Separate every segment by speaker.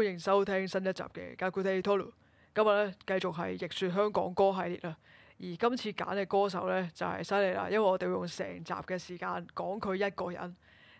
Speaker 1: 歡迎收聽新一集嘅《格古蒂托魯》，今日咧繼續係逆說香港歌系列啦。而今次揀嘅歌手咧就係犀利啦，因為我哋會用成集嘅時間講佢一個人。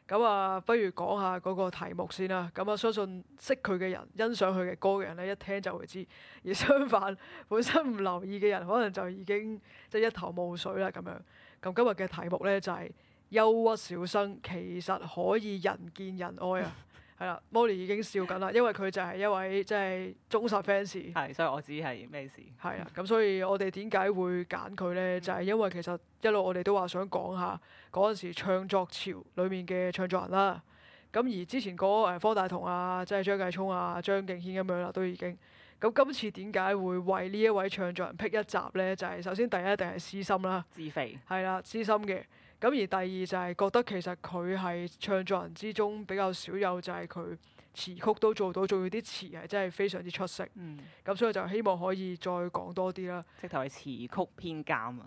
Speaker 1: 咁、嗯、啊，不如講下嗰個題目先啦。咁、嗯、啊，相信識佢嘅人、欣賞佢嘅歌嘅人咧，一聽就會知；而相反，本身唔留意嘅人可能就已經即係一頭霧水啦。咁樣，咁、嗯、今日嘅題目咧就係憂鬱小生其實可以人見人愛啊！ 係啦，Molly 已經笑緊啦，因為佢就係一位即係忠實 fans。
Speaker 2: 係，所以我知係咩事。
Speaker 1: 係啊，咁所以我哋點解會揀佢呢？ 就係因為其實一路我哋都話想講下嗰陣時唱作潮裡面嘅唱作人啦。咁而之前嗰誒方大同啊，即係張繼聰啊、張敬軒咁樣啦、啊，都已經咁。今次點解會為呢一位唱作人辟一集呢？就係、是、首先第一，一定係私心啦。自肥非。係啦，私心嘅。咁而第二就係覺得其實佢係唱作人之中比較少有就係佢。詞曲都做到，仲要啲詞係真係非常之出色。咁、嗯、所以就希望可以再講多啲啦。直頭係詞曲編監啊，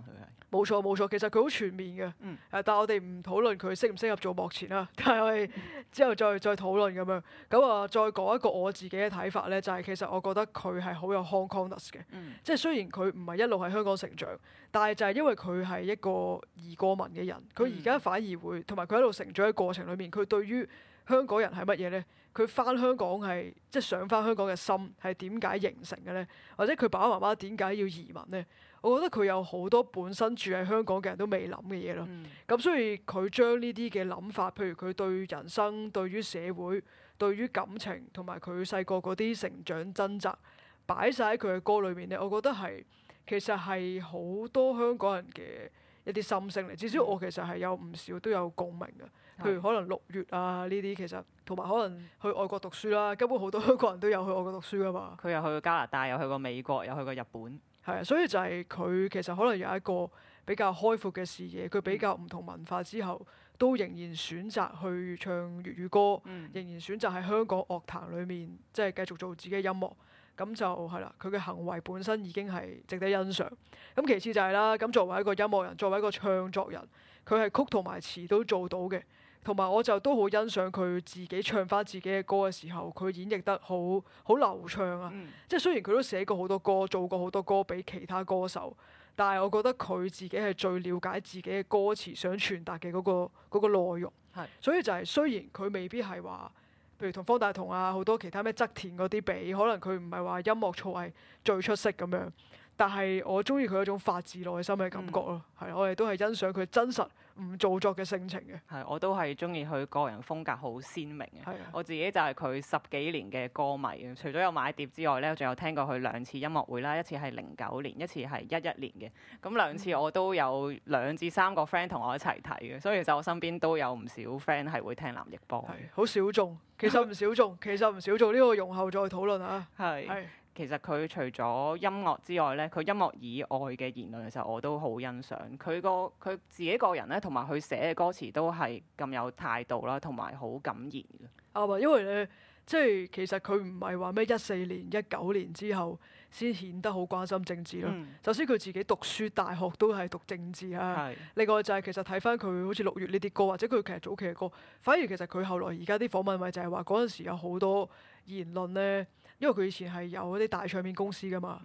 Speaker 1: 冇錯冇錯，其實佢好全面嘅、嗯啊。但係我哋唔討論佢適唔適合做幕前啦。但係我哋之後再再討論咁樣。咁啊，再講一個我自己嘅睇法呢，就係、是、其實我覺得佢係好有 Hong Kong-ness 嘅。嗯、即係雖然佢唔係一路喺香港成長，但係就係因為佢係一個移過民嘅人，佢而家反而會同埋佢喺度成長嘅過程裏面，佢對於。香港人係乜嘢咧？佢翻香港係即係想翻香港嘅心係點解形成嘅咧？或者佢爸爸媽媽點解要移民咧？我覺得佢有好多本身住喺香港嘅人都未諗嘅嘢咯。咁、嗯、所以佢將呢啲嘅諗法，譬如佢對人生、對於社會、對於感情，同埋佢細個嗰啲成長掙扎，擺晒喺佢嘅歌裏面咧，我覺得係其實係好多香港人嘅一啲心聲嚟。至少我其實係有唔少都有共鳴嘅。譬如可能六月啊呢啲，其實同埋可能去外國讀書啦，根本好多香港人都有去外國讀書噶嘛。
Speaker 2: 佢又去過加拿大，又去過美國，又去過日本。係啊，所以就係佢
Speaker 1: 其實可能有一個比較開闊嘅視野，佢比較唔同文化之後都仍然選擇去唱粵語歌，嗯、仍然選擇喺香港樂壇裏面即係繼續做自己嘅音樂，咁就係啦，佢嘅行為本身已經係值得欣賞，咁其次就係、是、啦，咁作為一個音樂人，作為一個唱作人，佢係曲同埋詞都做到嘅。同埋我就都好欣賞佢自己唱翻自己嘅歌嘅時候，佢演繹得好好流暢啊。即係雖然佢都寫過好多歌，做過好多歌俾其他歌手，但係我覺得佢自己係最了解自己嘅歌詞想傳達嘅嗰個嗰個內容。係是，所以就係雖然佢未必係話，譬如同方大同啊，好多其他咩側田嗰啲比，可能佢唔係話音樂造詣係最出色咁樣。但係我中意佢嗰種發自內心嘅感覺咯，係、嗯、我哋都係欣賞佢真實唔做作嘅性情嘅。
Speaker 2: 係，我都係中意佢個人風格好鮮明嘅。係是的 我自己就係佢十幾年嘅歌迷，除咗有買碟之外呢，仲有聽過佢兩次音樂會啦，一次係零九年，一次係一一年嘅。咁兩次我都有兩至三個 friend 同我一齊睇嘅，所以其實我身邊都有唔少 friend 係會聽藍奕邦。
Speaker 1: 好小眾，其實唔小眾， 其實唔小眾，呢、這個容後再討論嚇。
Speaker 2: 係。是的 其實佢除咗音樂之外咧，佢音樂以外嘅言論其實我都好欣賞。佢個佢自己個人咧，同埋佢寫嘅歌詞都係咁有態度啦，同埋好敢言嘅。
Speaker 1: 啊、嗯、因為咧，即係其實佢唔係話咩一四年、一九年之後先顯得好關心政治咯。嗯、首先佢自己讀書，大學都係讀政治啊。是另外就係其實睇翻佢好似六月呢啲歌，或者佢其實早期嘅歌，反而其實佢後來而家啲訪問咪就係話嗰陣時有好多言論咧。因為佢以前係有嗰啲大唱片公司噶嘛，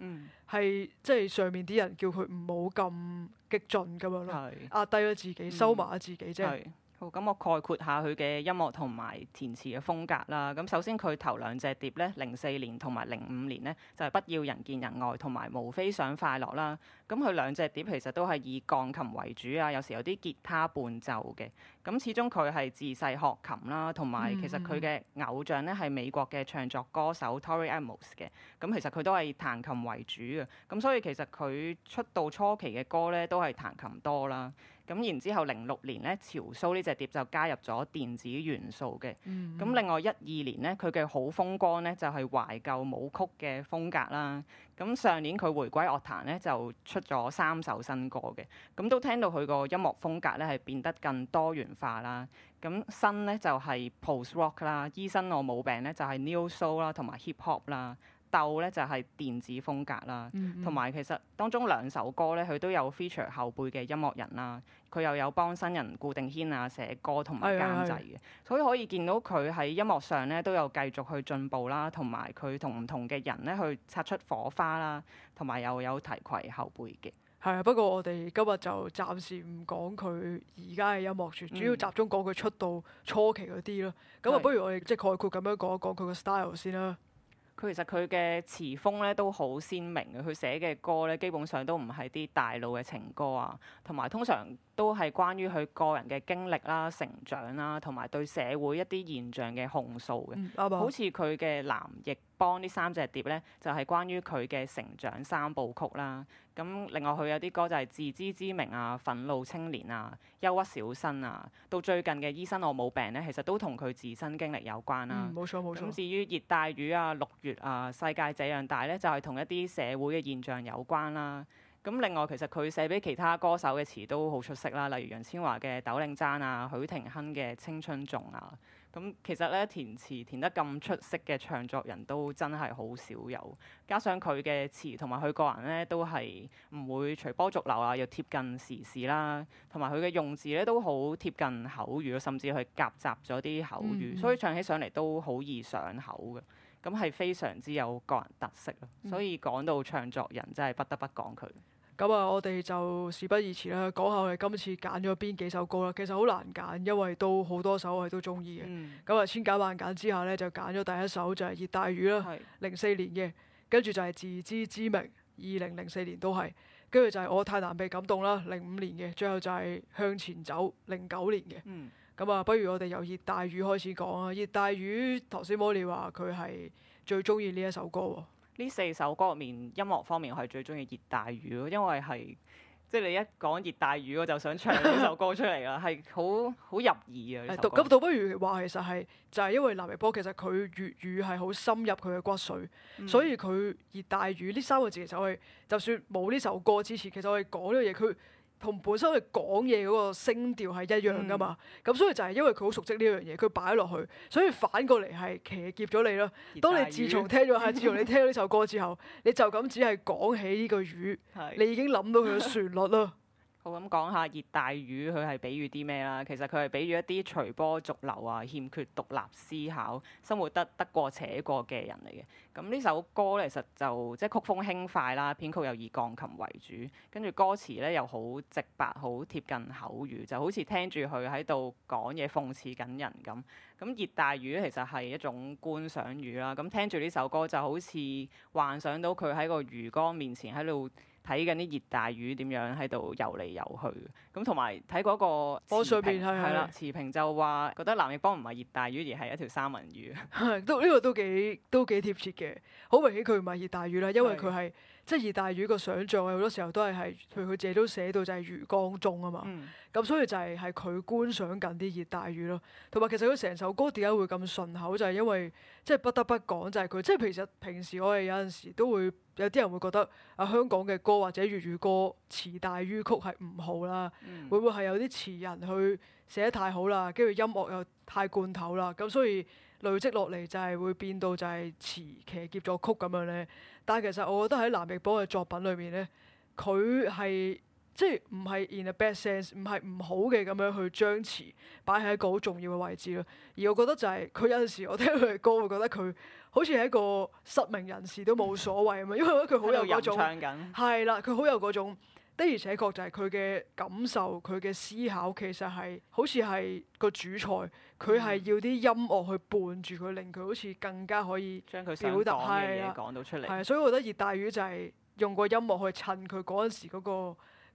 Speaker 1: 係、嗯、即係上面啲人叫佢唔好咁激進咁樣咯，係壓低咗自己，收埋咗自己即係、嗯。
Speaker 2: 好，咁我概括下佢嘅音樂同埋填詞嘅風格啦。咁首先佢頭兩隻碟咧，零四年同埋零五年咧，就係不要人見人愛同埋無非想快樂啦。咁佢兩隻碟其實都係以鋼琴為主啊，有時有啲吉他伴奏嘅。咁始終佢係自細學琴啦，同埋其實佢嘅偶像咧係美國嘅唱作歌手 Tori Amos 嘅。咁其實佢都係彈琴為主嘅。咁所以其實佢出道初期嘅歌咧都係彈琴多啦。咁然之後，零六年咧，潮蘇呢隻碟就加入咗電子元素嘅。咁、嗯、另外一二年咧，佢嘅好風光咧就係懷舊舞曲嘅風格啦。咁上年佢回歸樂壇咧，就出咗三首新歌嘅。咁都聽到佢個音樂風格咧係變得更多元化啦。咁新咧就係、是、post rock 啦，醫生我冇病咧就係、是、new soul 啦，同埋 hip hop 啦。鬥咧就係、是、電子風格啦，同埋、嗯嗯、其實當中兩首歌咧，佢都有 feature 後輩嘅音樂人啦，佢又有幫新人顧定軒啊寫歌同埋監製嘅，嗯嗯、所以可以見到佢喺音樂上咧都有繼續去進步啦，同埋佢同唔同嘅人咧去擦出火花啦，同埋又有提携後輩嘅。係啊，不過我哋今日就暫時唔
Speaker 1: 講佢而家嘅音樂樹，嗯、主要集中講佢出道初期嗰啲咯。咁啊，不如我哋即概括咁樣講一講佢個 style 先啦。
Speaker 2: 佢其實佢嘅詞風咧都好鮮明嘅，佢寫嘅歌咧基本上都唔係啲大路嘅情歌啊，同埋通常，都係關於佢個人嘅經歷啦、啊、成長啦、啊，同埋對社會一啲現象嘅控訴嘅。嗯嗯、好似佢嘅《藍奕邦》呢三隻碟呢，就係、是、關於佢嘅成長三部曲啦。咁另外佢有啲歌就係、是、自知之明啊、憤怒青年啊、憂鬱小生》。啊，到最近嘅《醫生我冇病》呢，其實都同佢自身經歷有關啦。冇錯冇錯。咁至於熱帶魚啊、六月啊、世界這樣大呢，就係、是、同一啲社會嘅現象有關啦。咁另外其實佢寫俾其他歌手嘅詞都好出色啦，例如楊千嬅嘅《鬥零踭》啊，許廷鏗嘅《青春頌》啊，咁其實咧填詞填得咁出色嘅唱作人都真係好少有，加上佢嘅詞同埋佢個人咧都係唔會隨波逐流啊，又貼近時事啦，同埋佢嘅用字咧都好貼近口語，甚至佢夾雜咗啲口語，嗯、所以唱起上嚟都好易上口嘅。咁係非常之有個人特色，所以講到唱作人，真係不得不講佢。咁啊、嗯，我哋就事不宜遲啦，講下我哋
Speaker 1: 今次揀咗邊幾首歌啦。其實好難揀，因為都好多首我哋都中意嘅。咁啊、嗯，千揀萬揀之下呢，就揀咗第一首就係、是《熱帶雨》啦，零四是年嘅。跟住就係、是《自知之明》，二零零四年都係。跟住就係、是《我太難被感動》啦，零五年嘅。最後就係、是《向前走》，零九年嘅。嗯咁啊，不如我哋由熱帶雨開始講啊！熱帶雨，頭先 Molly 話佢係最中意呢一首歌喎。
Speaker 2: 呢四首歌入面，音樂方面我係最中意熱帶雨咯，因為係即係你一講熱帶雨，我就想唱呢首歌出嚟啊，係好好入耳啊！咁倒 倒
Speaker 1: 不如話其實係就係因為藍眉波，其實佢、就是、粵語係好深入佢嘅骨髓，嗯、所以佢熱帶雨呢三個字其實我哋就算冇呢首歌之前，其實我哋講呢個嘢佢。同本身佢講嘢嗰個聲調係一樣噶嘛，咁、嗯、所以就係因為佢好熟悉呢樣嘢，佢擺落去，所以反過嚟係騎劫咗你咯。當你自從聽咗下， 自從你聽咗呢首歌之後，你就咁只係講起呢個語，的你已經諗到佢嘅旋律啦。
Speaker 2: 好，咁講下熱帶魚，佢係比喻啲咩啦？其實佢係比喻一啲隨波逐流啊、欠缺獨立思考、生活得得過且過嘅人嚟嘅。咁呢首歌咧，其實就即係曲風輕快啦，編曲又以鋼琴為主，跟住歌詞咧又好直白，好貼近口語，就好似聽住佢喺度講嘢諷刺緊人咁。咁熱帶魚其實係一種觀賞魚啦。咁、啊、聽住呢首歌就好似幻想到佢喺個魚缸面前喺度，睇緊啲熱帶魚點樣喺度游嚟游去，咁同埋睇嗰個波水平係啦，持平就話覺得藍奕邦唔係熱帶魚而係一條三文魚，
Speaker 1: 都呢、這個都幾都幾貼切嘅。好明顯佢唔係熱帶魚啦，因為佢係。即係熱帶魚個想像好多時候都係係佢自己都寫到就係魚缸中啊嘛。咁、嗯、所以就係係佢觀賞緊啲熱帶魚咯。同埋其實佢成首歌點解會咁順口，就係、是、因為即係不得不講就係佢。即係其實平時平時我哋有陣時都會有啲人會覺得啊，香港嘅歌或者粵語歌詞大於曲係唔好啦。嗯、會唔會係有啲詞人去寫得太好啦，跟住音樂又太罐頭啦。咁所以。累積落嚟就係會變到就係詞騎劫作曲咁樣咧，但係其實我覺得喺藍奕邦嘅作品裏面咧，佢係即係唔係 in a bad sense，唔係唔好嘅咁樣去將詞擺喺一個好重要嘅位置咯。而我覺得就係、是、佢有陣時我聽佢嘅歌會覺得佢好似係一個失明人士都冇所謂咁樣，嗯、因為我覺得佢好有嗰種係啦，佢好有嗰種。的而且確就係佢嘅感受，佢嘅思考其實係好似係個主菜，佢係要啲音樂去伴住佢，令佢好似更加可以表達將佢想講嘅嘢講到出嚟。係，所以我覺得熱帶魚就係用個音樂去襯佢嗰陣時嗰個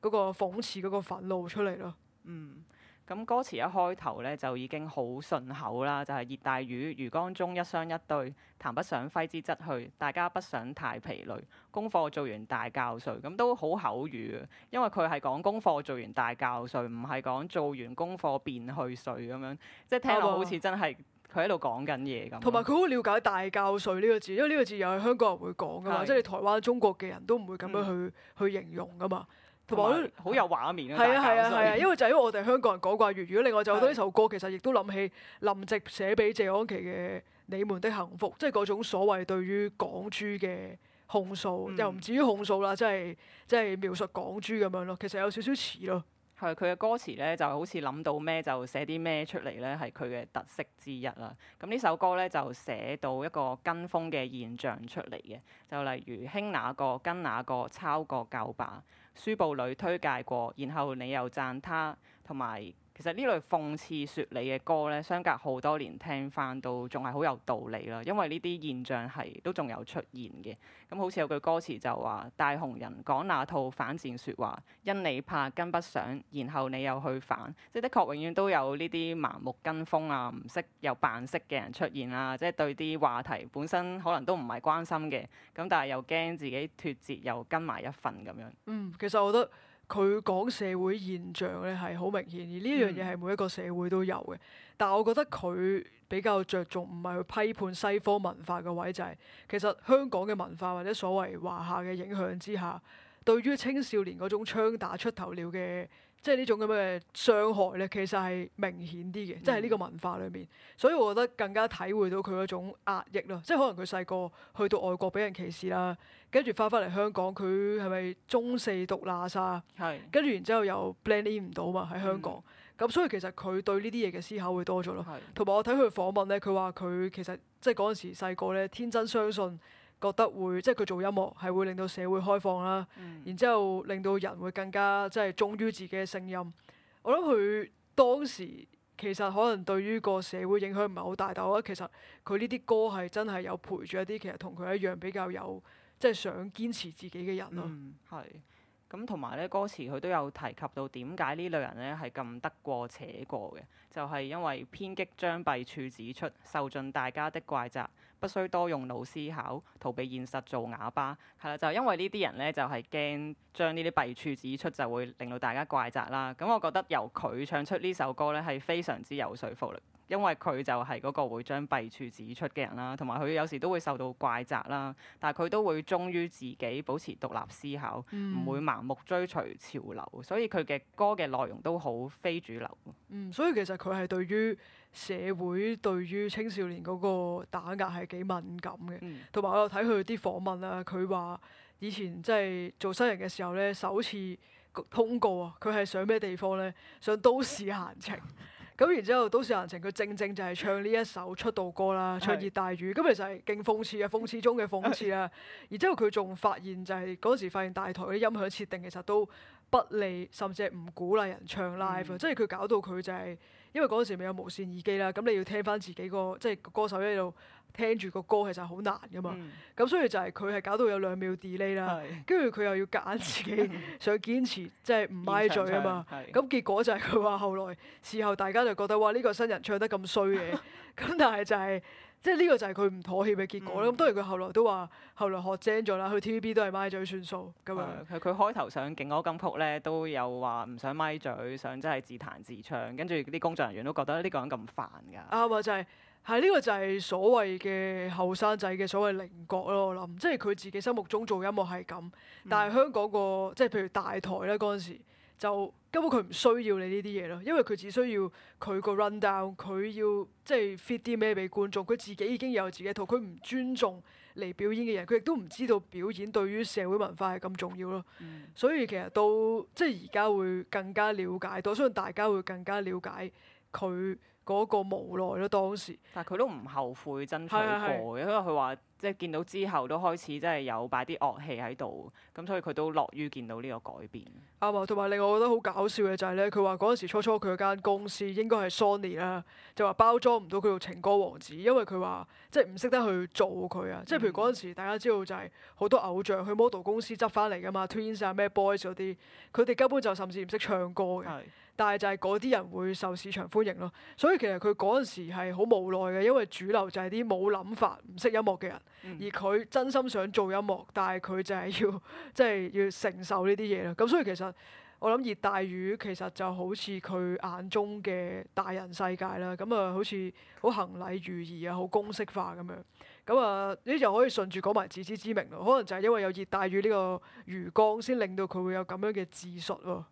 Speaker 1: 嗰個諷刺嗰個憤怒出嚟咯。嗯。
Speaker 2: 咁歌詞一開頭咧就已經好順口啦，就係、是、熱帶魚魚缸中一雙一對，談不上揮之則去，大家不想太疲累，功課做完大覺睡，咁都好口語，因為佢係講功課做完大覺睡，唔係講做完功課便去睡咁樣，即係聽落好似真係佢喺度講緊嘢咁。同
Speaker 1: 埋佢好了解大覺睡呢個字，因為呢個字又係香港人會講㗎嘛，是即係台灣、中國嘅人都唔會咁樣去、嗯、去形容㗎嘛。同埋都好有畫
Speaker 2: 面。 啊！係啊係啊係啊，因為就因為我
Speaker 1: 哋香港人講慣粵語，另外就好多呢首歌其實亦都諗起林夕寫俾謝安琪嘅《你們的幸福》，即係嗰種所謂對於港豬嘅控訴，嗯、又唔至於控訴啦，即係即係描述港豬咁樣咯。其實有少少似咯。
Speaker 2: 係佢嘅歌詞咧，就好似諗到咩就寫啲咩出嚟咧，係佢嘅特色之一啦。咁呢首歌咧就寫到一個跟風嘅現象出嚟嘅，就例如興那個跟那個抄個舊版。書報裏推介過，然後你又讚他，同埋。其實呢類諷刺説理嘅歌咧，相隔好多年聽翻都仲係好有道理啦，因為呢啲現象係都仲有出現嘅。咁好似有句歌詞就話：大紅人講那套反戰説話，因你怕跟不上，然後你又去反。即的確永遠都有呢啲盲目跟風啊、唔識又扮識嘅人出現啦、啊。即係對啲話題本身可能都唔係關心嘅，咁但係又驚自己脱節又跟埋一份咁樣。嗯，
Speaker 1: 其實我覺得。佢講社會現象咧係好明顯，而呢樣嘢係每一個社會都有嘅。但我覺得佢比較着重唔係去批判西方文化嘅位，就係、是、其實香港嘅文化或者所謂華夏嘅影響之下，對於青少年嗰種槍打出頭鳥嘅。即係呢種咁嘅傷害咧，其實係明顯啲嘅，嗯、即係呢個文化裏面，所以我覺得更加體會到佢嗰種壓抑咯。即係可能佢細個去到外國俾人歧視啦，跟住翻翻嚟香港，佢係咪中四讀喇沙？跟住、嗯、然之後又 blend in 唔到嘛，喺香港。咁、嗯、所以其實佢對呢啲嘢嘅思考會多咗咯。同埋、嗯、我睇佢訪問咧，佢話佢其實即係嗰陣時細個咧，天真相信。覺得會即係佢做音樂係會令到社會開放啦，嗯、然之後令到人會更加即係、就是、忠於自己嘅聲音。我諗佢當時其實可能對於個社會影響唔係好大，但我覺得其實佢呢啲歌係真係有陪住一啲其實同佢一樣比較有即係、就是、想堅持自己嘅人咯、嗯嗯。係
Speaker 2: 咁同埋呢歌詞佢都有提及到點解呢類人呢係咁得過且過嘅，就係、是、因為偏激將弊處指出受盡大家的怪責。不需多用腦思考，逃避現實做啞巴，係啦，就因為呢啲人呢，就係驚將呢啲弊處指出，就會令到大家怪責啦。咁我覺得由佢唱出呢首歌呢，係非常之有說服力。因為佢就係嗰個會將弊處指出嘅人啦，同埋佢有時都會受到怪責啦，但係佢都會忠於自己，保持獨立思考，唔、嗯、會盲目追隨潮流，所以佢嘅歌嘅內容都好非主流。
Speaker 1: 嗯，所以其實佢係對於社會對於青少年嗰個打壓係幾敏感嘅，同埋、嗯、我有睇佢啲訪問啊，佢話以前即係做新人嘅時候咧，首次通告啊，佢係上咩地方咧？上都市閒情。咁然之後都人，都市閒情佢正正就係唱呢一首出道歌啦，唱熱大雨。咁的其實係勁諷刺嘅，諷刺中嘅諷刺啦。的然之後佢仲發現就係、是、嗰時發現大台啲音響設定其實都不利，甚至係唔鼓勵人唱 live、嗯。即係佢搞到佢就係、是。因為嗰陣時未有無線耳機啦，咁你要聽翻自己個即係歌手喺度聽住個歌，其實好難噶嘛。咁、嗯、所以就係佢係搞到有兩秒 delay 啦，跟住佢又要揀自己想堅持即係唔咪嘴啊嘛。咁結果就係佢話後來 事後大家就覺得哇呢、呢個新人唱得咁衰嘅，咁 但係就係、是。即係呢個就係佢唔妥協嘅結果啦。咁、嗯、當然佢後來都話，後來學精咗啦，去 TVB 都係咪嘴算數咁樣。
Speaker 2: 佢佢開頭上勁歌金曲呢，都有話唔想咪嘴，想真係自彈自唱。跟住啲工作人員都覺得呢個人咁煩㗎。啊、嗯，或者係呢個
Speaker 1: 就係所謂嘅後生仔嘅所謂稜角咯。我諗，即係佢自己心目中做音樂係咁，但係香港個即係譬如大台呢，嗰陣時就。根本佢唔需要你呢啲嘢咯，因為佢只需要佢個 run down，佢要即係 fit 啲咩俾觀眾，佢自己已經有自己一套，佢唔尊重嚟表演嘅人，佢亦都唔知道表演對於社會文化係咁重要咯。嗯、所以其實到即係而家會更加了解到，相信大家會更加了解佢嗰個無奈咯當時，但係佢都唔
Speaker 2: 後悔真係。係係係因為佢話。即係見到之後都開始，即係有擺啲樂器喺度，咁所以佢都樂於見到呢個改變。
Speaker 1: 阿同埋另外我覺得好搞笑嘅就係、是、咧，佢話嗰陣時初初佢間公司應該係 Sony 啦，就話包裝唔到佢做情歌王子，因為佢話即係唔識得去做佢啊。即係、嗯、譬如嗰陣時大家知道就係好多偶像去 model 公司執翻嚟㗎嘛、嗯、Twins 啊咩 boys 嗰啲，佢哋根本就甚至唔識唱歌嘅。的但係就係嗰啲人會受市場歡迎咯。所以其實佢嗰陣時係好無奈嘅，因為主流就係啲冇諗法、唔識音樂嘅人。而佢真心想做音樂，但係佢就係要，即係要承受呢啲嘢啦。咁所以其實我諗熱帶魚其實就好似佢眼中嘅大人世界啦。咁啊，好似好行禮如儀啊，好公式化咁樣。咁啊，呢就可以順住講埋自知之明咯。可能就係因為有熱帶魚呢個魚缸，先令到佢會有咁樣嘅自述喎。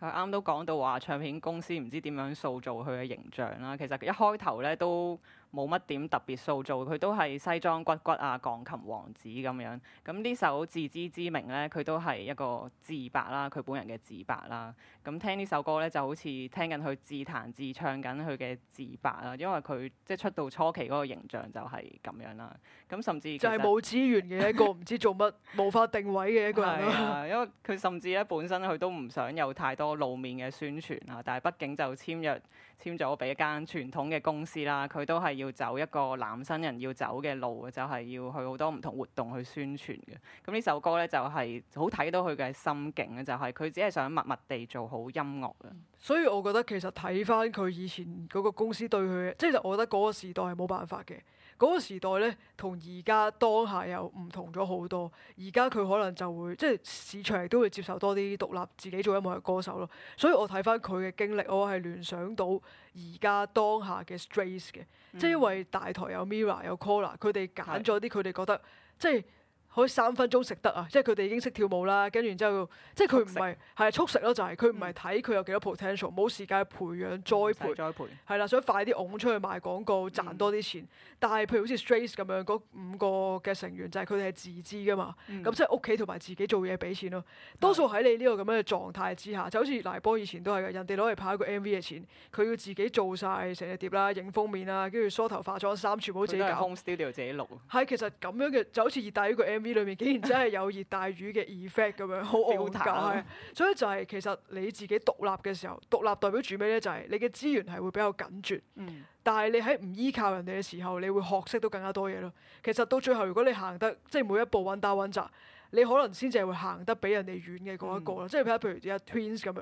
Speaker 2: 係啱都講到話唱片公司唔知點樣塑造佢嘅形象啦。其實一開頭咧都。冇乜點特別塑造，佢都係西裝骨骨啊，鋼琴王子咁樣。咁呢首自知之明呢，佢都係一個自白啦，佢本人嘅自白啦。咁聽呢首歌咧，就好似聽緊佢自彈自唱緊佢嘅自白啦，因為佢即係出道初期嗰個形象就係咁樣啦。咁甚至就係冇資
Speaker 1: 源嘅一個唔 知做乜，
Speaker 2: 無法定位嘅一個人啦、 啊。因為佢甚至咧，本身佢都唔想有太多露面嘅宣傳啊，但係畢竟就簽約簽咗俾一間傳統嘅公司啦，佢都係要走一個男新人要走嘅路，就係、是、要去好多唔同活動去宣傳嘅。咁呢首歌咧就係好睇到佢嘅心境嘅，就係、是、佢只係想默默地做。好音樂嘅，
Speaker 1: 所以我覺得其實睇翻佢以前嗰個公司對佢，即係我覺得嗰個時代係冇辦法嘅。嗰個時代呢，同而家當下又唔同咗好多。而家佢可能就會即係市場都會接受多啲獨立自己做音樂嘅歌手咯。所以我睇翻佢嘅經歷，我係聯想到而家當下嘅 Strays 嘅，嗯、即係因為大台有 Mirror 有 Collar 佢哋揀咗啲佢哋覺得的即係。可以三分鐘食得啊！即係佢哋已經識跳舞啦，跟住然之後，即係佢唔係係速食咯，食就係佢唔係睇佢有幾多 potential，冇、嗯、時間去培養栽培，再培，係啦，想快啲㧬出去賣廣告賺多啲錢。嗯、但係譬如好似 Strayz 咁樣嗰五個嘅成員，就係佢哋係自資噶嘛，咁即係屋企同埋自己做嘢俾錢咯。嗯、多數喺你呢個咁樣嘅狀態之下，就好似黎波以前都係嘅，人哋攞嚟拍一個 MV 嘅錢，佢要自己做晒成隻碟啦、影封面啦，跟住梳頭化妝、衫全部自己
Speaker 2: 搞，
Speaker 1: 係其實咁樣嘅就好似熱帶嗰個面裏面竟然真係有熱帶魚嘅 effect 咁樣，好尷尬、嗯、所以就係其實你自己獨立嘅時候，獨立代表住咩咧？就係你嘅資源係會比較緊絕。嗯、但係你喺唔依靠人哋嘅時候，你會學識到更加多嘢咯。其實到最後，如果你行得即係、就是、每一步穩打穩紮，你可能先至係會行得比人哋遠嘅嗰一個咯。即係譬如譬 twins 咁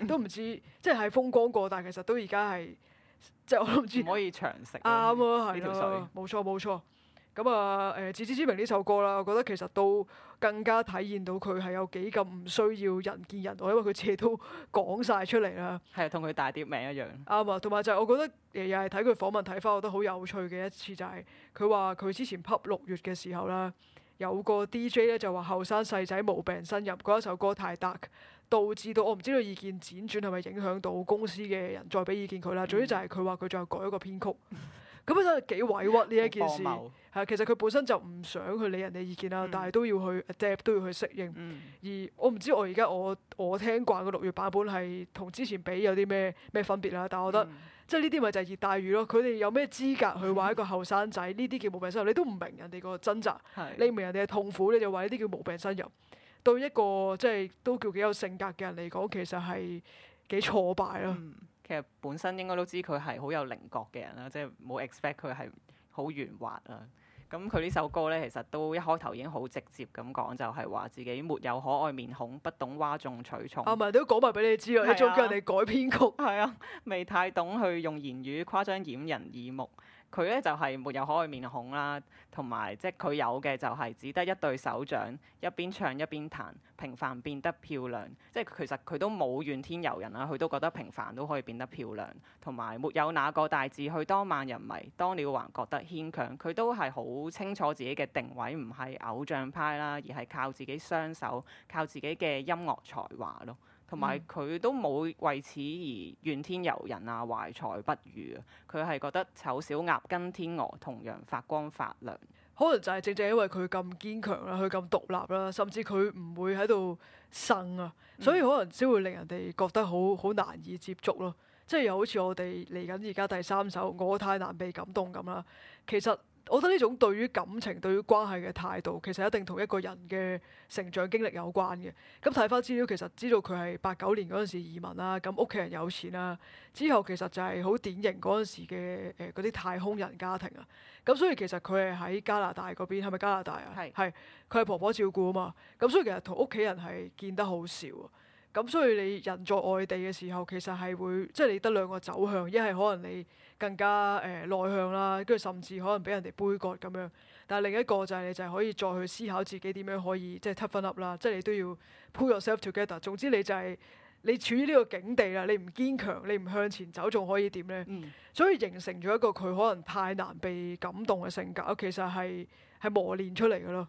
Speaker 1: 樣，都唔知即係、就是、風光過，但係其實都而家係即係我都唔知。唔可以長食。啱啊，係。呢條水。冇錯，冇錯。咁啊，誒、嗯、《自知之明》呢首歌啦，我覺得其實都更加體現到佢係有幾咁唔需要人見人愛，因為佢自己都講晒出嚟啦。
Speaker 2: 係同佢大碟名一樣。
Speaker 1: 啱啊，同埋就係我覺得，又係睇佢訪問睇翻，我覺得好有趣嘅一次就係佢話佢之前 pub 六月嘅時候啦，有個 DJ 咧就話後生細仔無病呻吟嗰一首歌太 dark，導致到我唔知道意見輾轉係咪影響到公司嘅人再俾意見佢啦。總之就係佢話佢再改一個編曲。嗯咁真係幾委屈呢一件事，係、嗯嗯、其實佢本身就唔想去理人哋意見啦，嗯、但係都要去 adapt，都要去適應。嗯、而我唔知我而家我我聽慣嘅六月版本係同之前比有啲咩咩分別啦，但係我覺得、嗯、即係呢啲咪就係熱帶雨咯。佢哋有咩資格去話一個後生仔呢啲叫無病呻吟？你都唔明人哋個掙扎，嗯、你唔明人哋嘅痛苦，你就話呢啲叫無病呻吟。對一個即係都叫幾有性格嘅人嚟講，其實係幾挫敗咯。
Speaker 2: 嗯嗯其實本身應該都知佢係好有棱角嘅人啦，即係冇 expect 佢係好圓滑啊。咁佢呢首歌咧，其實都一開頭已經好直接咁講，就係、是、話自己沒有可愛面孔，不懂嘩眾取寵。係咪都講
Speaker 1: 埋俾你知啦，你仲叫人哋
Speaker 2: 改編曲，係啊，未太懂去用言語誇張掩人耳目。佢咧就係沒有可愛面孔啦，同埋即係佢有嘅就係只得一對手掌，一邊唱一邊彈。平凡變得漂亮，即係其實佢都冇怨天尤人啦。佢都覺得平凡都可以變得漂亮，同埋沒有那個大志去當萬人迷，當了還覺得牽強。佢都係好清楚自己嘅定位，唔係偶像派啦，而係靠自己雙手，靠自己嘅音樂才華咯。同埋佢都冇為此而怨天尤人啊，懷才不遇啊，佢係覺得醜小鴨跟天鵝同樣發光發亮，
Speaker 1: 可能就係正正因為佢咁堅強啦，佢咁獨立啦，甚至佢唔會喺度呻啊，所以可能先會令人哋覺得好好難以接觸咯，即係又好似我哋嚟緊而家第三首《我太難被感動》咁啦，其實。我覺得呢種對於感情、對於關係嘅態度，其實一定同一個人嘅成長經歷有關嘅。咁睇翻資料，其實知道佢係八九年嗰陣時移民啦，咁屋企人有錢啦，之後其實就係好典型嗰陣時嘅誒嗰啲太空人家庭啊。咁所以其實佢係喺加拿大嗰邊，係咪加拿大啊？係係，佢係婆婆照顧啊嘛。咁所以其實同屋企人係見得好少啊。咁所以你人在外地嘅時候，其實係會即係你得兩個走向，一係可能你更加誒、呃、內向啦，跟住甚至可能俾人哋杯葛咁樣。但係另一個就係你就係可以再去思考自己點樣可以即係 toughen up 啦，即係你都要 pull yourself together。總之你就係、是、你處於呢個境地啦，你唔堅強，你唔向前走，仲可以點咧？嗯、所以形成咗一個佢可能太難被感動嘅性格，其實係係磨練出嚟㗎咯。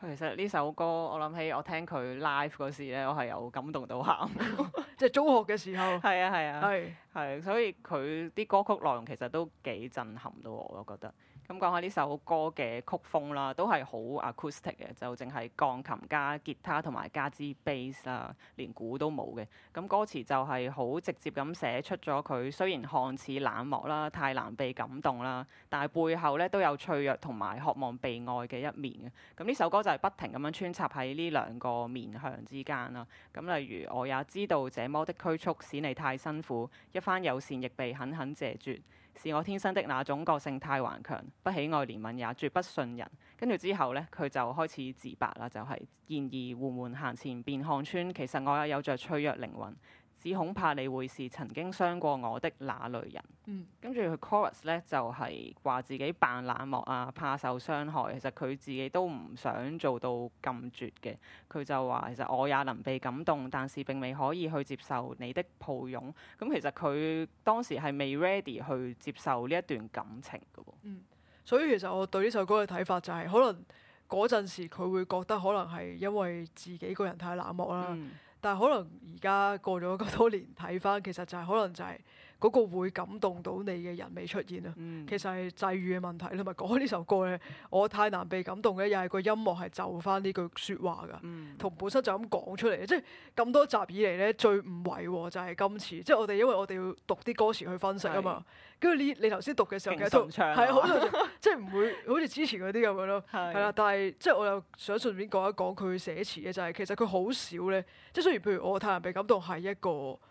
Speaker 2: 其實呢首歌，我諗起我聽佢 live 嗰時咧，我係有感動到喊， 即係中學嘅時候。係啊係啊，係係、啊係啊，所以佢啲歌曲內容其實都幾震撼到我，我覺得。咁講下呢首歌嘅曲風啦，都係好 acoustic 嘅，就淨係鋼琴加吉他同埋加支 bass 啦，連鼓都冇嘅。咁歌詞就係好直接咁寫出咗佢，雖然看似冷漠啦、太難被感動啦，但係背後呢都有脆弱同埋渴望被愛嘅一面嘅。咁呢首歌就係不停咁樣穿插喺呢兩個面向之間啦。咁例如我也知道這麼的拘束使你太辛苦，一番友善亦被狠狠謝絕。是我天生的那種個性太頑強，不喜愛憐憫也絕不信人。跟住之後呢，佢就開始自白啦，就係、是、然而緩緩行前便看穿，其實我也有着脆弱靈魂。只恐怕你會是曾經傷過我的那類人。嗯，跟住佢 chorus 咧就係話自己扮冷漠啊，怕受傷害，其實佢自己都唔想做到咁絕嘅。佢就話其實我也能被感動，但是並未可以去接受你的抱擁。咁其實佢當時係未 ready 去接受呢一段感情嘅。嗯，所
Speaker 1: 以其實我對呢首歌嘅睇法就係可能嗰陣時佢會覺得可能係因為自己個人太冷漠啦。嗯但係可能而家過咗咁多年睇翻，其實就係可能就係嗰個會感動到你嘅人未出現啊！嗯、其實係際遇嘅問題，同埋講呢首歌咧，我太難被感動嘅，又係個音樂係就翻呢句説話㗎，同、嗯、本身就咁講出嚟。即係咁多集以嚟咧，最唔違和就係今次。即係我哋因為我哋要讀啲歌詞去分析啊嘛，跟住是你你頭先讀嘅時候嘅都係好的的，即係唔會好似之前嗰啲咁樣咯，係啦。但係即係我又想順便講一講佢寫詞嘅就係、是、其實佢好少咧，即即譬如我《太陽被感動》係一個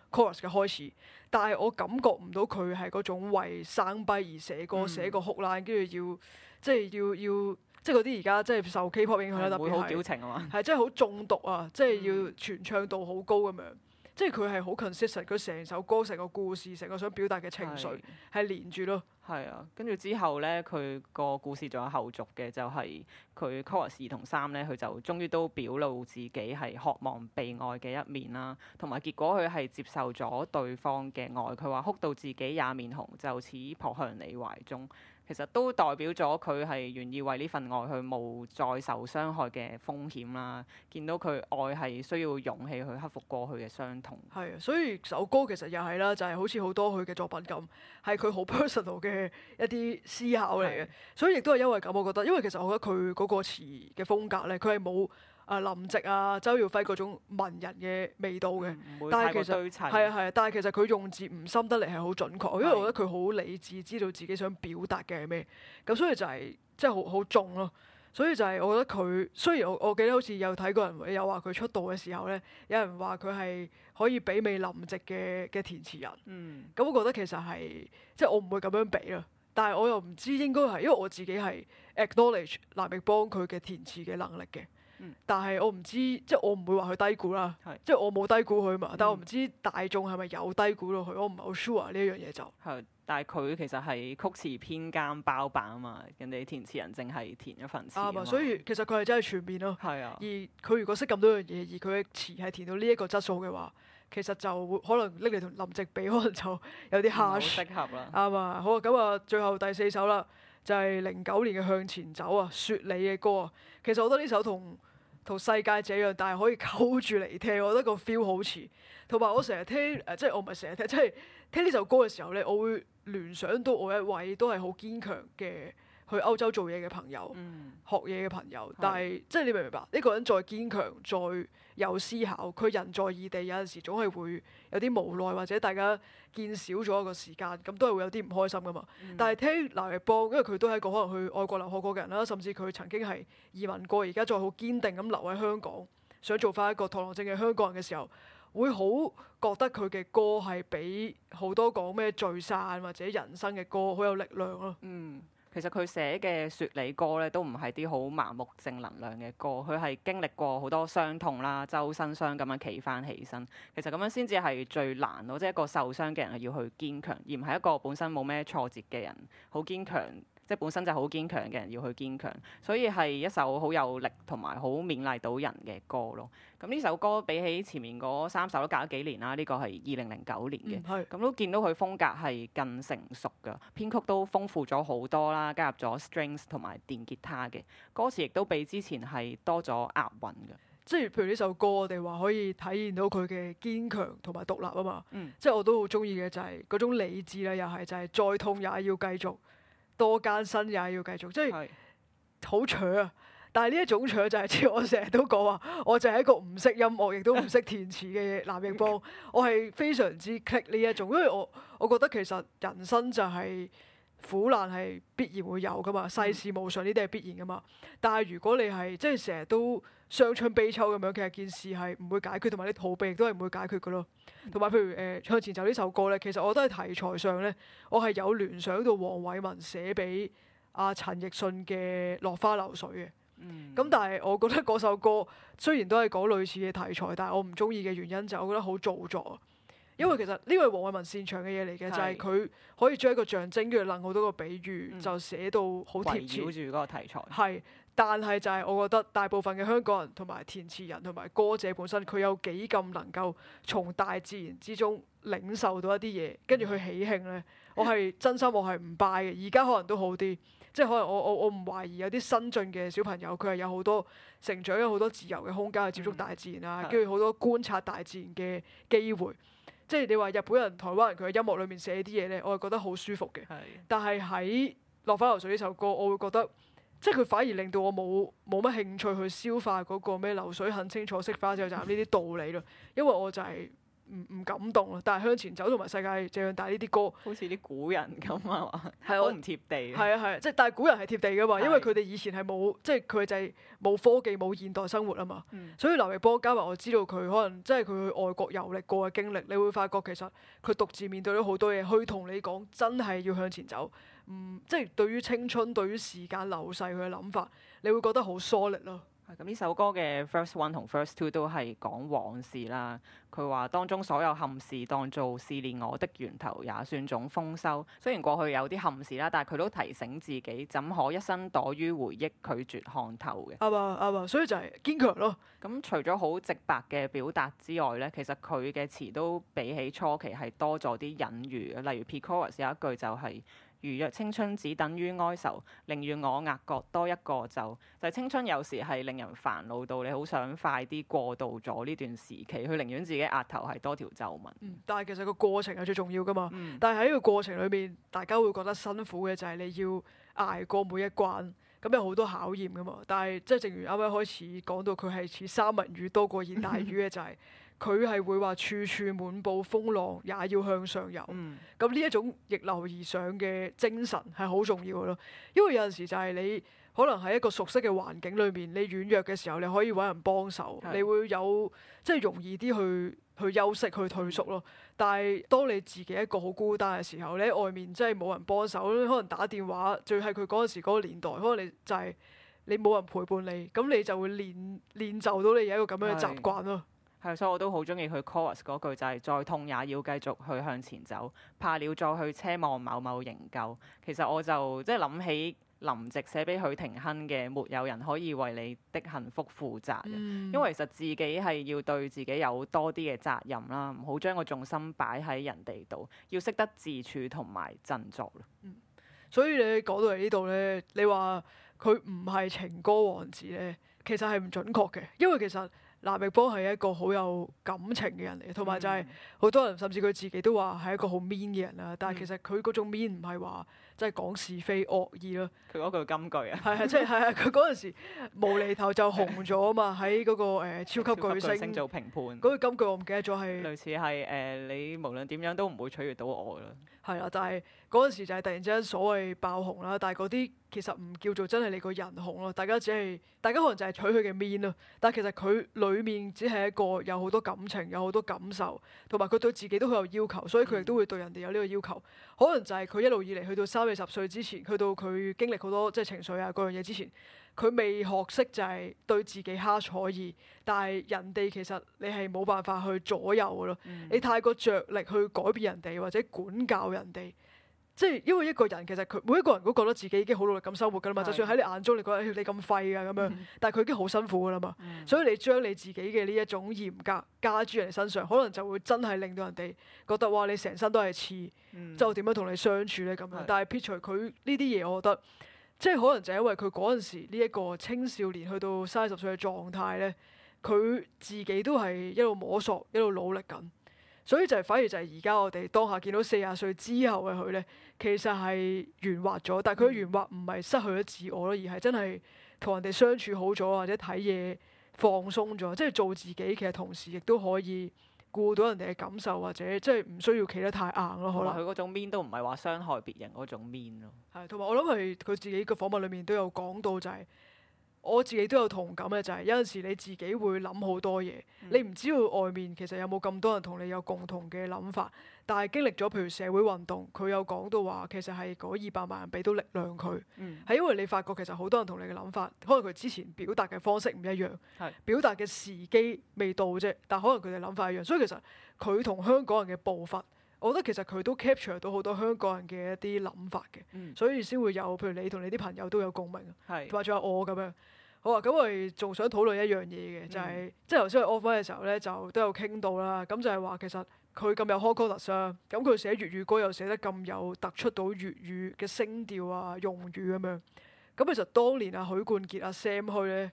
Speaker 1: chorus 嘅開始，但係我感覺唔到佢係嗰種為生逼而寫歌、寫、嗯、個哭爛，跟住要即係要要即係嗰啲而家即係受 K-pop 影響，特別係，會好矯情吖嘛？係即係好中毒啊！即、就、係、是、要傳唱度好高咁樣。嗯嗯即係佢係好 consistent 佢成首歌、成個故事、成個想表達嘅情緒
Speaker 2: 係連住咯。係啊，跟住之後呢，佢個故事仲有後續嘅，就係、是、佢 chorus 二同三呢，佢就終於都表露自己係渴望被愛嘅一面啦。同埋結果佢係接受咗對方嘅愛，佢話哭到自己也面紅，就此撲向你懷中。其實都代表咗佢係願意為呢份愛去冇再受傷害嘅風險啦。見到佢愛係需要勇氣去克服過去嘅傷痛。係啊，所以首歌其實又係啦，就
Speaker 1: 係、是、好似好多佢嘅作品咁，係佢好 personal 嘅一啲思考嚟嘅。的所以亦都係因為咁，我覺得，因為其實我覺得佢嗰個詞嘅風格咧，佢係冇。啊、林夕啊，周耀輝嗰種文人嘅味道嘅、嗯，但係其實係啊，係啊，但係其實佢用字唔深得嚟係好準確，的因為我覺得佢好理智，知道自己想表達嘅係咩咁，所以就係即係好好重咯。所以就係我覺得佢雖然我我記得好似有睇過人有話佢出道嘅時候咧，有人話佢係可以媲美林夕嘅嘅填詞人。咁、嗯、我覺得其實係即係我唔會咁樣比啦，但係我又唔知應該係因為我自己係 acknowledge 藍奕邦佢嘅填詞嘅能力嘅。但係我唔知，即係我唔會話佢低估啦，是即係我冇低估佢嘛。嗯、但係我唔知大眾係咪有低估到佢，我唔
Speaker 2: 係好 sure 呢一樣嘢就。但係佢其實係曲詞偏監包辦啊嘛，人哋填詞人淨係填一份詞。所以
Speaker 1: 其實佢係真係全面咯啊。係啊。而佢如果識咁多樣嘢，而佢嘅詞係填到呢一個質素嘅話，其實就可能拎嚟同林夕比，可能就有啲下。唔適合啦。啱啊，好啊，咁啊，最後第四首啦，就係零九年嘅向前走啊，雪梨嘅歌啊。其實我覺得呢首同。同世界這樣，但係可以扣住嚟聽，我覺得個 feel 好似。同埋我成日聽，誒，即係我唔係成日聽，即係聽呢首歌嘅時候咧，我會聯想到我一位都係好堅強嘅。去歐洲做嘢嘅朋友，嗯、學嘢嘅朋友，的但係即係你明唔明白？一個人再堅強，再有思考，佢人在異地，有陣時總係會有啲無奈，或者大家見少咗一個時間，咁都係會有啲唔開心㗎嘛。嗯、但係聽劉亦波，因為佢都係一個可能去外國留學過嘅人啦，甚至佢曾經係移民過，而家再好堅定咁留喺香港，想做返一個堂堂正正嘅香港人嘅時候，會好覺得佢嘅歌係比好多講咩聚散或者人生嘅歌好有力量咯。嗯。
Speaker 2: 其實佢寫嘅雪梨歌咧，都唔係啲好盲目正能量嘅歌。佢係經歷過好多傷痛啦，周身傷咁樣企翻起身。其實咁樣先至係最難咯，即係一個受傷嘅人係要去堅強，而唔係一個本身冇咩挫折嘅人好堅強。即係本身就好堅強嘅人，要去堅強，所以係一首好有力同埋好勉勵到人嘅歌咯。咁呢首歌比起前面嗰三首都隔咗幾年啦，呢個係二零零九年嘅，咁、嗯、都見到佢風格係更成熟嘅，編曲都豐富咗好多啦，加入咗 strings 同埋電吉他嘅，歌詞亦都比之前係多咗押韻嘅。即係譬如
Speaker 1: 呢首歌，我哋話可以體現到佢嘅堅強同埋獨立啊嘛。嗯，即係我都好中意嘅就係、是、嗰種理智啦，又係就係再痛也要繼續多艱辛也要繼續，即係好搶啊！但係呢一種搶就係似我成日都講話，我就係一個唔識音樂亦都唔識填詞嘅男兵哥， 我係非常之棘 i 呢一種，因為我我覺得其實人生就係苦難係必然會有噶嘛，世事無常呢啲係必然噶嘛。嗯、但係如果你係即係成日都，傷春悲秋咁樣，其實件事係唔會解決，同埋啲逃避都係唔會解決嘅咯。同埋譬如誒《向、呃、前走》呢首歌咧，其實我覺得係題材上咧，我係有聯想到黃偉文寫俾阿陳奕迅嘅《落花流水》嘅。嗯。咁但係我覺得嗰首歌雖然都係講類似嘅題材，但係我唔中意嘅原因就係我覺得好做作，因為其實呢位黃偉文擅長嘅嘢嚟嘅就係佢可以將一個象徵，跟住攬好多個比喻，嗯、就寫到好貼住嗰個題材。係。但係就係我覺得大部分嘅香港人同埋填詞人同埋歌者本身，佢有幾咁能夠從大自然之中領受到一啲嘢，跟住去喜慶呢，我係、嗯、真心我，我係唔拜嘅。而家可能都好啲，即係可能我我我唔懷疑有啲新進嘅小朋友，佢係有好多成長有好多自由嘅空間去接觸大自然啊，跟住好多觀察大自然嘅機會。即係你話日本人、台灣人佢嘅音樂裏面寫啲嘢呢，我係覺得好舒服嘅。嗯、但係喺落花流水呢首歌，我會覺得。即係佢反而令到我冇冇乜興趣去消化嗰個咩流水很清楚，惜花之後就係呢啲道理咯，因為我就係唔唔感動咯。但係向前走同埋世界咁樣大呢啲歌，好似啲古人咁啊，好唔我 貼地。係啊係，即係但係古人係貼地㗎嘛，因為佢哋以前係冇即係佢就係冇科技冇現代生活啊嘛。的所以劉亦波加埋我知道佢可能即係佢去外國遊歷過嘅經歷，你會發覺其實佢獨自面對咗好多嘢，去同你講真係要向前走。嗯、即係對於青春、對於時間流逝佢嘅諗法，你會覺得好疏離咯。
Speaker 2: 咁呢首歌嘅 verse one 同 verse two 都係講往事啦。佢話當中所有憾事當做試煉我的源頭，也算種豐收。雖然過去有啲憾事啦，但係佢都提醒自己怎可一生躲於回憶，拒絕看透嘅。係咪係咪，所以就係堅強咯。咁、嗯、除咗好直白嘅表達之外呢，其實佢嘅詞都比起初期係多咗啲隱喻。例如 pre-chorus 有一句就係、是。如若青春只等於哀愁，寧願我額角多一個咒就就是、青春，有時係令人煩惱到你好想快啲過渡咗呢段時期，佢寧願自己額頭係多條皺紋、嗯。
Speaker 1: 但係其實個過程係最重要噶嘛。嗯、但係喺呢個過程裏面，大家會覺得辛苦嘅就係你要捱過每一關，咁有好多考驗噶嘛。但係即係正如啱啱開始講到，佢係似三文魚多過現代魚嘅就係、是。嗯。佢係會話處處滿布風浪，也要向上游。咁呢一種逆流而上嘅精神係好重要嘅咯。因為有陣時就係你可能喺一個熟悉嘅環境裏面，你軟弱嘅時候你可以揾人幫手，是的 你會有即係容易啲去去休息、去退縮咯。嗯、但係當你自己一個好孤單嘅時候，你喺外面真係冇人幫手，可能打電話，最係佢嗰陣時嗰個年代，可能你就係、是、你冇人陪伴你，咁你就會練練就到你有一個咁樣嘅習
Speaker 2: 慣咯。係，所以我都好中意佢 chorus 嗰句就係，再痛也要繼續去向前走，怕了再去奢望某某營救。其實我就即係諗起林夕寫俾許廷鏗嘅《沒有人可以為你的幸福負責》。嗯，因為其實自己係要對自己有多啲嘅責任啦，唔好將個重心擺喺人哋度，要識得自處同埋振作。嗯，
Speaker 1: 所以你講到嚟呢度咧，你話佢唔係情歌王子咧，其實係唔準確嘅，因為其實。藍奕邦係一個好有感情嘅人嚟，同埋就係好多人甚至佢自己都話係一個好 mean 嘅人啦。但係其實佢嗰種 mean 唔係話。即係講是非惡意咯，
Speaker 2: 佢嗰句金句啊， 係係即係係
Speaker 1: 啊！佢嗰陣時無厘頭就紅咗啊嘛，喺嗰、 嗰個、呃、超、級超級巨星做
Speaker 2: 評判，句金句我唔記得咗係類似係誒、呃、你無論點樣都唔會取悅到我啦，
Speaker 1: 係啦，但係嗰陣時就係突然之間所謂爆紅啦，但係嗰啲其實唔叫做真係你個人紅咯，大家只係大家可能就係取佢嘅面咯，但係其實佢裏面只係一個有好多感情、有好多感受，同埋佢對自己都好有要求，所以佢亦都會對人哋有呢個要求。嗯可能就係佢一路以嚟去到三四十歲之前，去到佢經歷好多即係情緒啊各樣嘢之前，佢未學識就係對自己哈坐意，但係人哋其實你係冇辦法去左右㗎咯，嗯、你太過着力去改變人哋或者管教人哋。即係因為一個人其實佢每一個人都覺得自己已經好努力咁生活㗎啦嘛，的就算喺你眼中你覺得你咁廢啊咁樣， 但係佢已經好辛苦㗎啦嘛。嗯、所以你將你自己嘅呢一種嚴格加諸人哋身上，可能就會真係令到人哋覺得哇你成身都係刺，嗯、就後點樣同你相處咧咁樣。的但係撇除佢呢啲嘢，我覺得即係可能就係因為佢嗰陣時呢一、這個青少年去到三十歲嘅狀態咧，佢自己都係一路摸索一路努力緊。所以就係反而就係而家我哋當下見到四十歲之後嘅佢咧，其實係圓滑咗，但係佢圓滑唔係失去咗自我咯，而係真係同人哋相處好咗，或者睇嘢放鬆咗，即係做自己，其實同時亦都可以顧到人哋嘅感受，或者即係唔需要企得太硬咯。可能佢
Speaker 2: 嗰種面都唔係話傷害別人嗰種面咯。
Speaker 1: 係，同埋我諗係佢自己個訪問裏面都有講到就係、是。我自己都有同感嘅，就係、是、有陣時你自己會諗好多嘢，嗯、你唔知道外面其實有冇咁多人同你有共同嘅諗法。但係經歷咗譬如社會運動，佢有講到話，其實係嗰二百萬人俾到力量佢，係、嗯、因為你發覺其實好多人同你嘅諗法，可能佢之前表達嘅方式唔一樣，是、表達嘅時機未到啫，但可能佢哋諗法一樣。所以其實佢同香港人嘅步伐，我覺得其實佢都 capture 到好多香港人嘅一啲諗法嘅，嗯、所以先會有譬如你同你啲朋友都有共鳴，同埋仲有我咁樣。好啊，咁我哋仲想討論一樣嘢嘅，就係、是嗯、即係頭先去 office 嘅時候咧，就都有傾到啦。咁就係、是、話其實佢咁有 conductor 相、啊，咁佢寫粵語歌又寫得咁有突出到粵語嘅聲調啊、用語咁、啊、樣。咁其實當年啊，許冠傑啊、Sam 去咧，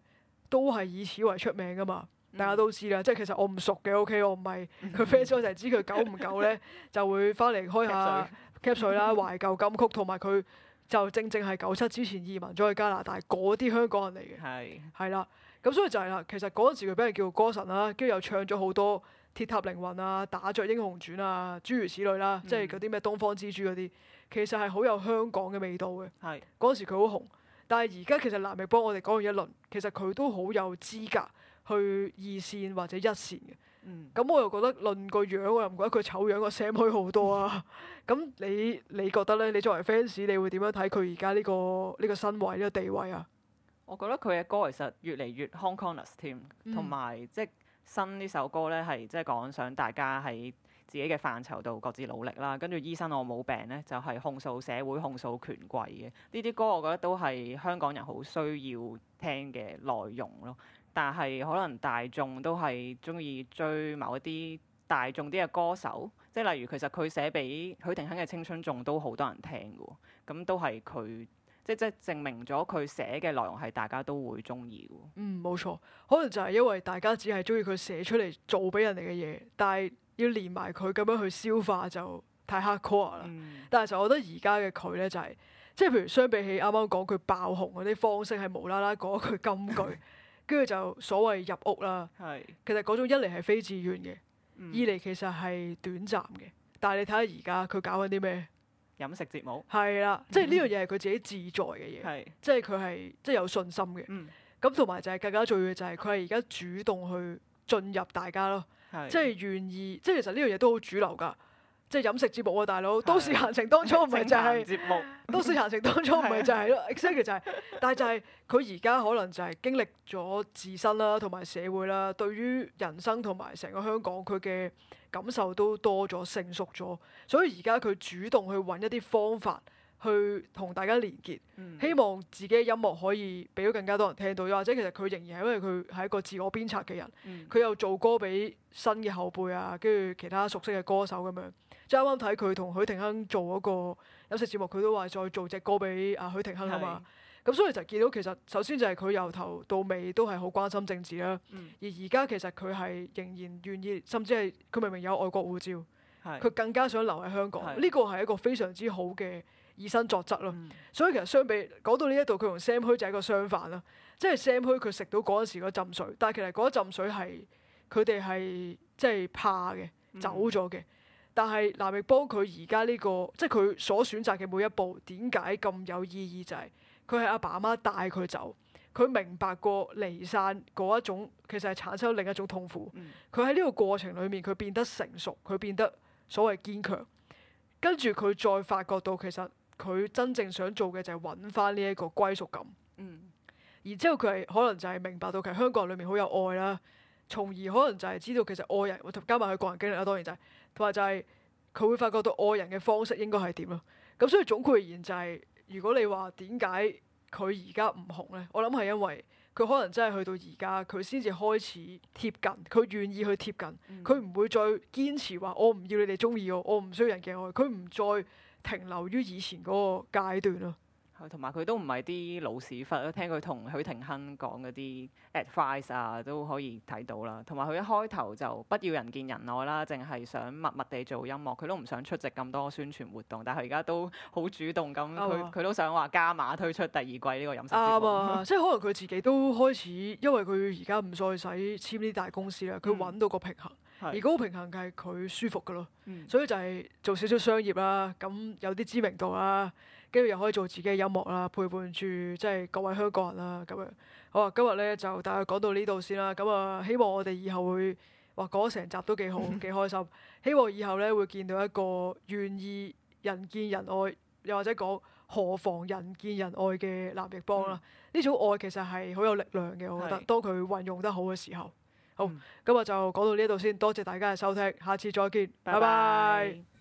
Speaker 1: 都係以此為出名噶嘛。嗯、大家都知啦，即係其實我唔熟嘅，OK，我唔係佢 fans，我就係知佢久唔久咧 就會翻嚟開下 cap 水，水啦，懷舊金曲同埋佢。就正正係九七之前移民咗去加拿大嗰啲香港人嚟嘅，係啦是，咁所以就係、是、啦。其實嗰陣時佢俾人叫做歌神啦，跟住又唱咗好多《鐵塔凌雲》啊，《打雀英雄傳》啊，諸如此類啦，即係嗰啲咩《東方之珠》嗰啲，其實係好有香港嘅味道嘅。係嗰陣時佢好紅，但係而家其實藍奕邦我哋講完一輪，其實佢都好有資格去二線或者一線嘅。咁、嗯、我又覺得論個樣，我又唔覺得佢醜樣，個聲開好多啊！咁、嗯、你你覺得咧？你作為 fans，你會點樣睇佢而家呢個呢個身位呢個地位啊？
Speaker 2: 我覺得佢嘅歌其實越嚟越 conscious 添，同埋即新呢首歌咧，係即係講想大家喺自己嘅範疇度各自努力啦。跟住醫生我冇病咧，就係、是、控訴社會、控訴權貴嘅呢啲歌，我覺得都係香港人好需要聽嘅內容咯。但係可能大眾都係中意追某一啲大眾啲嘅歌手，即係例如其實佢寫俾許廷鏗嘅《青春仲》都好多人聽嘅，咁都係佢即即係證明咗佢寫嘅內容係大家都會中意嘅。
Speaker 1: 嗯，冇錯，可能就係因為大家只係中意佢寫出嚟做俾人哋嘅嘢，但係要連埋佢咁樣去消化就太黑 core 啦。但係就我覺得而家嘅佢呢，就係，即係譬如相比起啱啱講佢爆紅嗰啲方式，係無啦啦講佢金句。跟住就所謂入屋啦，是其實嗰種一嚟係非自願嘅，嗯、二嚟其實係短暫嘅。但係你睇下而家佢搞緊啲咩飲食節目，係啦，即係呢樣嘢係佢自己自在嘅嘢，嗯，即係佢係即係有信心嘅。咁同埋就係更加重要嘅，就係佢係而家主動去進入大家咯，是即係願意，即係其實呢樣嘢都好主流㗎。即係飲食節目啊，大佬《的都市閒情當初唔係就係、是、節目， 《都市閒情當初唔係就係、是、咯 exactly 就係、是，但係就係佢而家可能就係經歷咗自身啦、啊，同埋社會啦、啊，對於人生同埋成個香港佢嘅感受都多咗、成熟咗，所以而家佢主動去揾一啲方法去同大家連結，嗯、希望自己嘅音樂可以俾到更加多人聽到，又或者其實佢仍然係因為佢係一個自我鞭策嘅人，佢又、嗯、做歌俾新嘅後輩啊，跟住其他熟悉嘅歌手咁樣。即係啱啱睇佢同許廷鏗做嗰個有線節目，佢都話再做隻歌俾啊許廷鏗啊嘛。咁是所以就見到其實首先就係佢由頭到尾都係好關心政治啦、啊。嗯、而而家其實佢係仍然願意，甚至係佢明明有外國護照，佢是更加想留喺香港。呢個係一個非常之好嘅以身作則咯、啊。嗯、所以其實相比講到呢一度，佢同 Sam 區就係個相反啦。即係 Sam 區佢食到嗰陣時個浸水，但係其實嗰浸水係佢哋係即係怕嘅走咗嘅。嗯。但係、這個，藍奕邦佢而家呢個即係佢所選擇嘅每一步，點解咁有意義？就係佢係阿爸阿媽帶佢走，佢明白過離散嗰一種，其實係產生另一種痛苦。佢喺呢個過程裡面，佢變得成熟，佢變得所謂堅強。跟住佢再發覺到，其實佢真正想做嘅就係揾翻呢一個歸屬感。嗯。而之後佢係可能就係明白到，其實香港人裡面好有愛啦，從而可能就係知道其實愛人同加埋佢個人經歷啦，當然就係、是。同就係佢會發覺到愛人嘅方式應該係點咯，咁所以總括而言就係、是、如果你話點解佢而家唔紅咧，我諗係因為佢可能真係去到而家佢先至開始貼近，佢願意去貼近，佢唔、嗯、會再堅持話我唔要你哋中意我，我唔需要人嘅愛，佢唔再停留於以前嗰個階段啦。
Speaker 2: 同埋佢都唔係啲老屎忽，都聽佢同許廷鏗講嗰啲 advice 啊都可以睇到啦。同埋佢一開頭就不要人見人愛啦，淨係想默默地做音樂。佢都唔想出席咁多宣傳活動，但佢而家都好主動咁，佢佢都想話加碼推出第二季呢個飲食節目，即
Speaker 1: 係可能佢自己都開始，因為佢而家唔再使簽呢大公司啦，佢揾到個平衡。嗯如果好平衡係佢舒服嘅咯，嗯、所以就係做少少商業啦，咁有啲知名度啦，跟住又可以做自己音樂啦，陪伴住即係各位香港人啦咁樣。好啊，今日咧就大概講到呢度先啦。咁啊，希望我哋以後會話講咗成集都幾好， 幾開心。希望以後咧會見到一個願意人見人愛，又或者講何妨人見人愛嘅藍奕邦啦。呢、嗯、種愛其實係好有力量嘅，我覺得是當佢運用得好嘅時候。好，今日就講到呢度先，多謝大家嘅收聽，下次再見，拜拜。